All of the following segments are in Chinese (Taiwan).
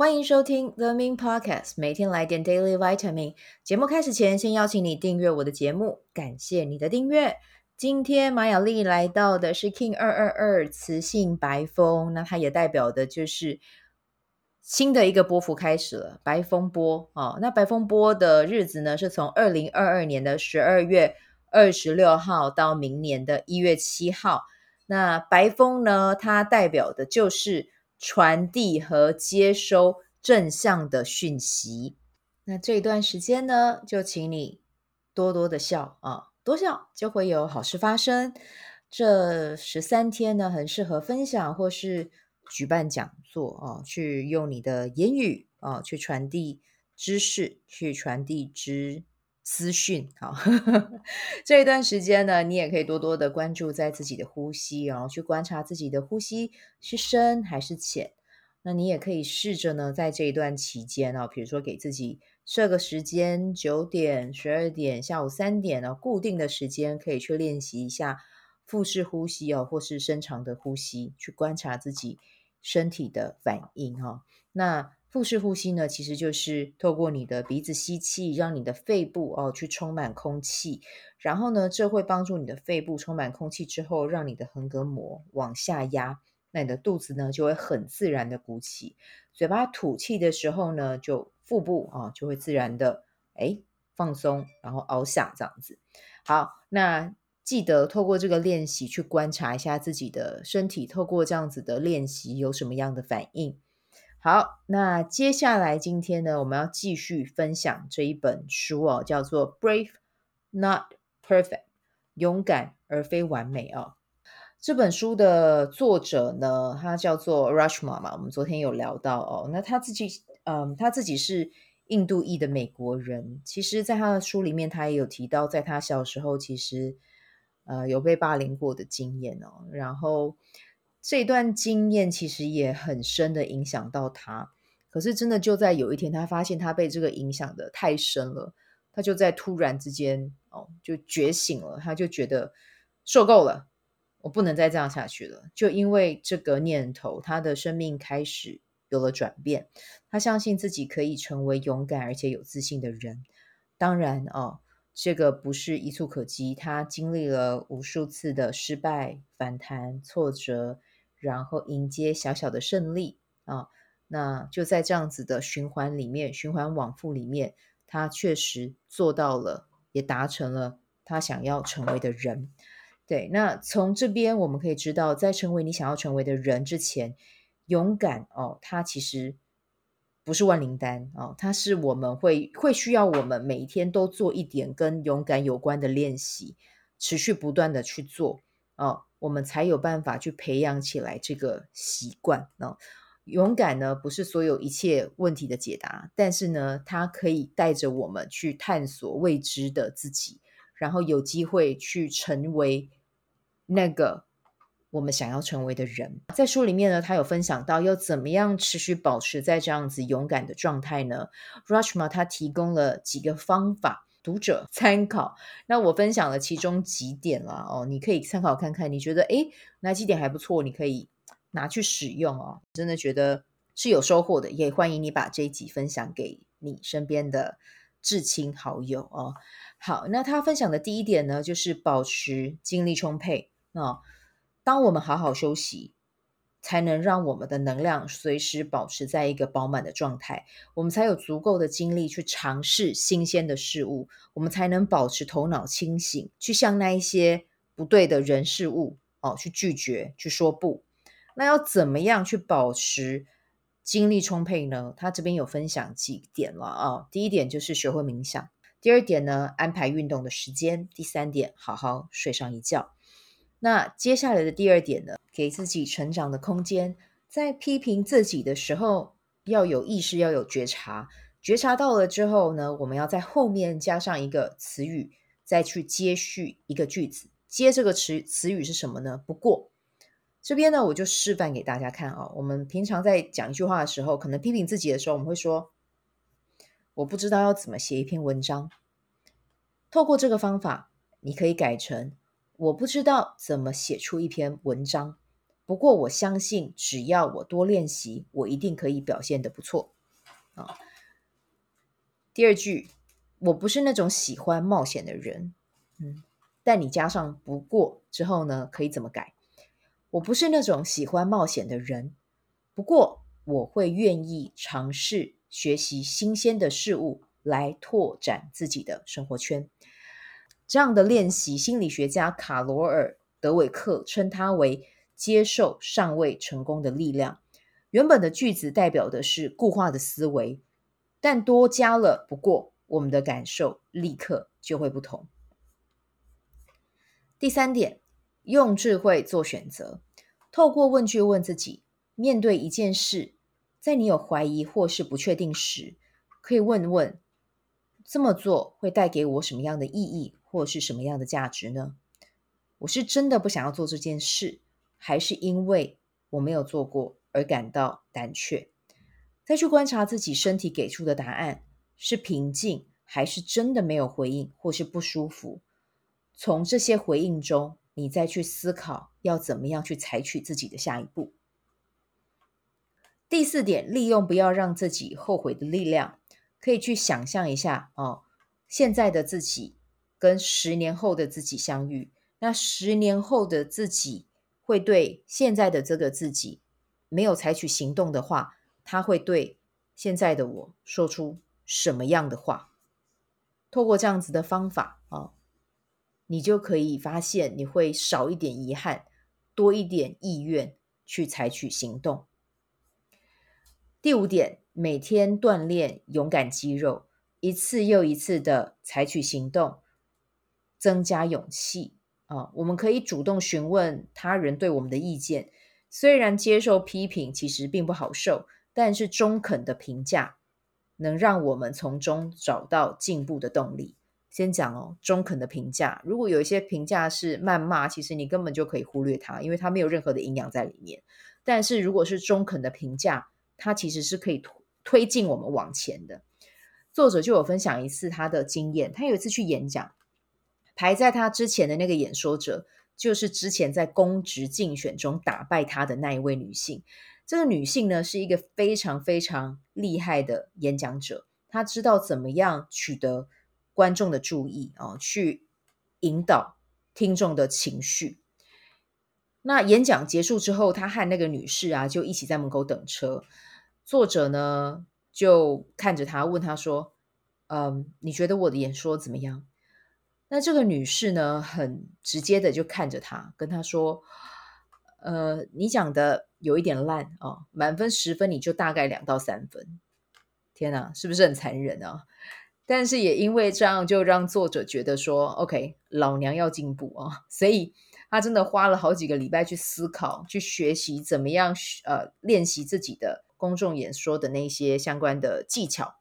歡迎收聽 The Min Podcast，每天來點 Daily Vitamin。節目開始前，先邀請你訂閱我的節目，感謝你的訂閱。今天馬雅曆來到的是 King 二二二磁性白風，那它也代表的就是新的一個波符開始了，白風波哦，那白風波的日子呢，是從二零二二年的十二月二十六號到明年的一月七號。那白風呢，它代表的就是，傳遞和接收正向的訊息，那這段時間呢，就請你多多的笑啊、哦，多笑就會有好事發生。這十三天呢，很適合分享或是舉辦講座啊、哦，去用你的言語啊、哦，去傳遞知識，去傳遞知。資訊，好，呵呵，這一段時間呢，你也可以多多的關注在自己的呼吸哦，然後去觀察自己的呼吸是深還是淺。那你也可以試着呢，在這一段期間哦，比如說給自己設個時間，九點、十二點、下午三點哦，固定的時間可以去練習一下腹式呼吸哦，或是深長的呼吸，去觀察自己身體的反應哈、哦。那腹式呼吸呢，其實就是透過你的鼻子吸氣，讓你的肺部哦去充滿空氣，然後呢，這會幫助你的肺部充滿空氣之後，讓你的橫膈膜往下壓，那你的肚子呢就會很自然的鼓起。嘴巴吐氣的時候呢，就腹部啊、哦、就會自然的誒放鬆，然後凹下這樣子。好，那記得透過這個練習去觀察一下自己的身體，透過這樣子的練習有什麼樣的反應。好，那接下來今天呢，我們要繼續分享這一本書哦，叫做《Brave Not Perfect》，勇敢而非完美啊、哦。這本書的作者呢，他叫做 Reshma 嘛。我們昨天有聊到哦，那他自己，嗯，他自己是印度裔的美國人。其實，在他的書裡面，他也有提到，在他小時候其實呃有被霸凌過的經驗哦。然後。這一段經驗其實也很深的影響到他，可是真的就在有一天，他發現他被這個影響得太深了，他就在突然之間哦，就覺醒了，他就覺得受夠了，我不能再這樣下去了。就因為這個念頭，他的生命開始有了轉變。他相信自己可以成為勇敢而且有自信的人。當然哦，這個不是一蹴可及，他經歷了無數次的失敗、反彈、挫折。然後迎接小小的勝利啊、哦！那就在這樣子的循環裡面，循環往復裡面，他確實做到了，也達成了他想要成為的人。對，那從這邊我們可以知道，在成為你想要成為的人之前，勇敢哦，它其實不是萬靈丹啊、哦，它是我們會會需要我們每一天都做一點跟勇敢有關的練習，持續不斷的去做啊。哦我們才有辦法去培養起來這個習慣。呢、哦，勇敢呢，不是所有一切問題的解答，但是呢，它可以帶着我們去探索未知的自己，然後有機會去成為那個我們想要成為的人。在書裡面呢，他有分享到，要怎麼樣持續保持在這樣子勇敢的狀態呢？Reshma 他提供了幾個方法。讀者參考，那我分享了其中幾點啦，哦，你可以參考看看，你覺得，誒，哪幾點還不錯，你可以拿去使用哦。真的覺得是有收穫的，也歡迎你把這一集分享給你身邊的至親好友哦。好，那他分享的第一點呢，就是保持精力充沛。那、哦、當我們好好休息。才能讓我們的能量隨時保持在一個飽滿的狀態，我們才有足夠的精力去嘗試新鮮的事物，我們才能保持頭腦清醒，去向那一些不對的人事物哦去拒絕去說不。那要怎麼樣去保持精力充沛呢？他這邊有分享幾點了啊，第一點就是學會冥想，第二點呢，安排運動的時間，第三點好好睡上一覺。那接下來的第二點呢？給自己成長的空間，在批評自己的時候要有意識，要有覺察。覺察到了之後呢，我們要在後面加上一個詞語，再去接續一個句子。接這個詞詞語是什麼呢？不過這邊呢，我就示範給大家看啊。我們平常在講一句話的時候，可能批評自己的時候，我們會說：“我不知道要怎麼寫一篇文章。”透過這個方法，你可以改成：“我不知道怎麼寫出一篇文章。”不過我相信，只要我多練習，我一定可以表現得不錯，啊、哦。第二句，我不是那種喜歡冒險的人，嗯。但你加上“不過”之後呢，可以怎麼改？我不是那種喜歡冒險的人，不過我會願意嘗試學習新鮮的事物，來拓展自己的生活圈。這樣的練習，心理學家卡羅爾·德韋克稱它為。接受尚未成功的力量。原本的句子代表的是固化的思維，但多加了“不過”，我們的感受立刻就會不同。第三點，用智慧做選擇。透過問句問自己：面對一件事，在你有懷疑或是不確定時，可以問問：這麼做會帶給我什麼樣的意義，或是什麼樣的價值呢？我是真的不想要做這件事。還是因為我沒有做過而感到膽怯，再去觀察自己身體給出的答案是平靜，還是真的沒有回應，或是不舒服？從這些回應中，你再去思考要怎麼樣去採取自己的下一步。第四點，利用不要讓自己後悔的力量，可以去想象一下哦，現在的自己跟十年後的自己相遇，那十年後的自己。會對現在的這個自己沒有採取行動的話，他會對現在的我說出什麼樣的話？透過這樣子的方法啊，你就可以發現你會少一點遺憾，多一點意願去採取行動。第五點，每天鍛鍊勇敢肌肉，一次又一次的採取行動，增加勇氣。啊、哦，我們可以主動詢問他人對我們的意見。雖然接受批評其實並不好受，但是中肯的評價能讓我們從中找到進步的動力。先講哦，中肯的評價。如果有一些評價是謾罵，其實你根本就可以忽略它，因為它沒有任何的營養在裡面。但是如果是中肯的評價，它其實是可以推進我們往前的。作者就有分享一次他的經驗，他有一次去演講。排在她之前的那個演說者，就是之前在公職競選中打敗她的那一位女性。這個女性呢，是一個非常非常厲害的演講者，她知道怎麼樣取得觀眾的注意啊、哦，去引導聽眾的情緒。那演講結束之後，她和那個女士啊就一起在門口等車。作者呢就看着她，問她說：“嗯，你覺得我的演說怎麼樣？”那這個女士呢，很直接的就看着他，跟他說：“呃，你講的有一點爛哦，滿分十分，你就大概兩到三分。”天哪，是不是很殘忍啊？但是也因為這樣，就讓作者覺得說：“OK，老娘要進步哦！”所以他真的花了好幾個禮拜去思考、去學習怎麼樣呃練習自己的公眾演說的那些相關的技巧。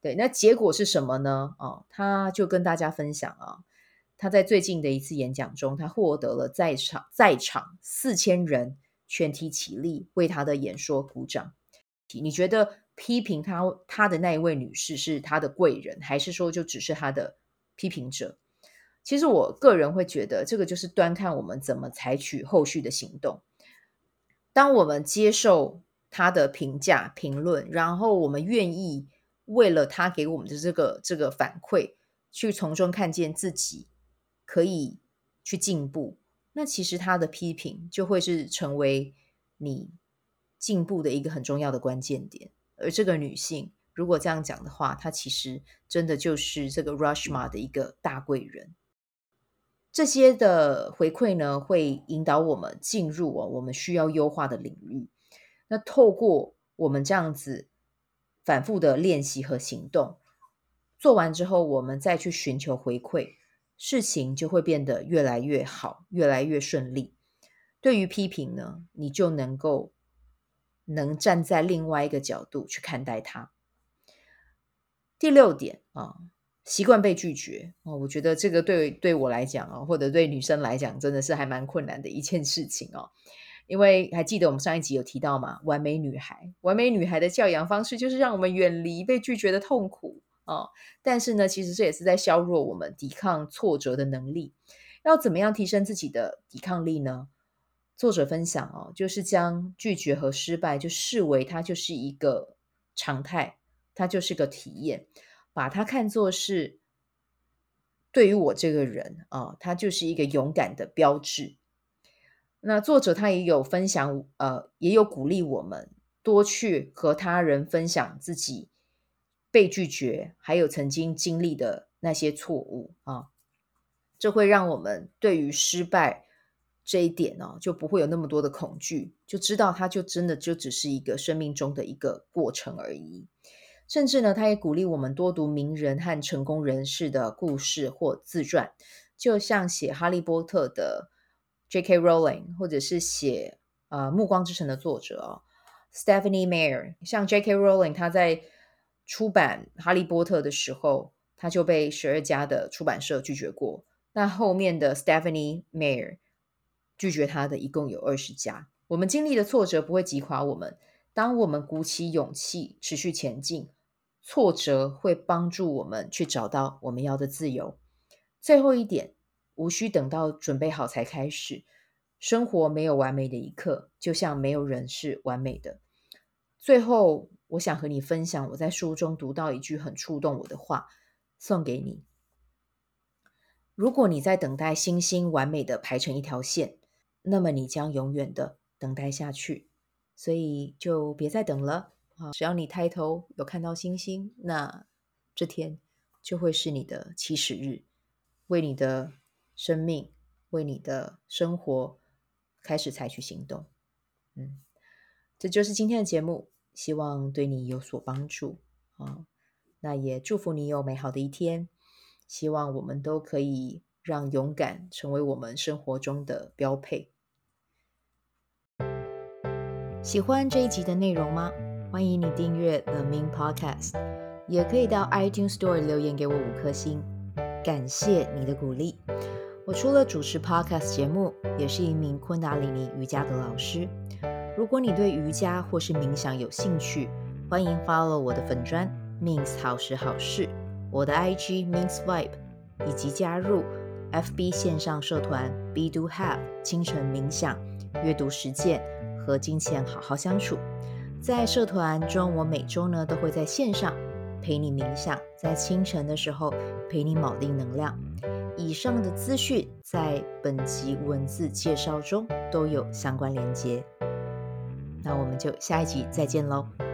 對，那結果是什麼呢？啊、哦，他就跟大家分享啊，他在最近的一次演講中，他獲得了在場在場四千人全體起立為他的演說鼓掌。你覺得批評他他的那一位女士是他的貴人，還是說就只是他的批評者？其實我個人會覺得，這個就是端看我們怎麼採取後續的行動。當我們接受他的評價評論，然後我們願意。為了他給我們的這個這個反饋，去從中看見自己可以去進步，那其實他的批評就會是成為你進步的一個很重要的關鍵點。而這個女性如果這樣講的話，她其實真的就是這個 Reshma 的一個大貴人。這些的回饋呢，會引導我們進入哦，我們需要優化的領域。那透過我們這樣子。反覆的練習和行動，做完之後，我們再去尋求回饋，事情就會變得越來越好，越來越順利。對於批評呢，你就能夠能站在另外一個角度去看待它。第六點啊，習慣被拒絕。哦，我覺得這個對對我來講哦，或者對女生來講，真的是還蠻困難的一件事情哦。因為還記得我們上一集有提到嗎？完美女孩，完美女孩的教養方式就是讓我們遠離被拒絕的痛苦哦，但是呢，其實這也是在削弱我們抵抗挫折的能力。要怎麼樣提升自己的抵抗力呢？作者分享哦，就是將拒絕和失敗就視為它就是一個常態，它就是個體驗，把它看作是對於我這個人啊，哦，它就是一個勇敢的標誌。那作者他也有分享，呃，也有鼓勵我們多去和他人分享自己被拒絕，還有曾經經歷的那些錯誤啊。這會讓我們對於失敗這一點呢、哦，就不會有那麼多的恐懼，就知道它就真的就只是一個生命中的一個過程而已。甚至呢，他也鼓勵我們多讀名人和成功人士的故事或自傳，就像寫《哈利波特》的。J.K. Rowling，或者是寫《呃，暮光之城》的作者哦，Stephenie Meyer，像 J.K. Rowling，他在出版《哈利波特》的時候，他就被十二家的出版社拒絕過。那後面的 Stephenie Meyer 拒絕他的一共有二十家。我們經歷的挫折不會擊垮我們，當我們鼓起勇氣持續前進，挫折會幫助我們去找到我們要的自由。最後一點。無需等到準備好才開始。生活沒有完美的一刻，就像沒有人是完美的。最後，我想和你分享我在書中讀到一句很觸動我的話，送給你：如果你在等待星星完美的排成一條線，那麼你將永遠的等待下去。所以，就別再等了啊！只要你抬頭有看到星星，那這天就會是你的起始日，為你的。生命為你的生活開始採取行動，嗯，這就是今天的節目，希望對你有所幫助，嗯，那也祝福你有美好的一天，希望我們都可以讓勇敢成為我們生活中的標配。喜歡這一集的內容嗎？歡迎你訂閱 The Min Podcast，也可以到 iTunes Store 留言給我五顆星，感謝你的鼓勵。我除了主持 podcast 節目，也是一名昆達里尼瑜伽的老師。如果你對瑜伽或是冥想有興趣，歡迎 follow 我的粉專 Min's 好時好事，我的 IG Min's Vibe，以及加入 FB 線上社團 Be Do Have 清晨冥想、閱讀實踐和金錢好好相處。在社團中，我每周呢都會在線上陪你冥想，在清晨的時候陪你錨定能量。以上的資訊在本集文字介紹中都有相關連接，那我們就下一集再見嘍。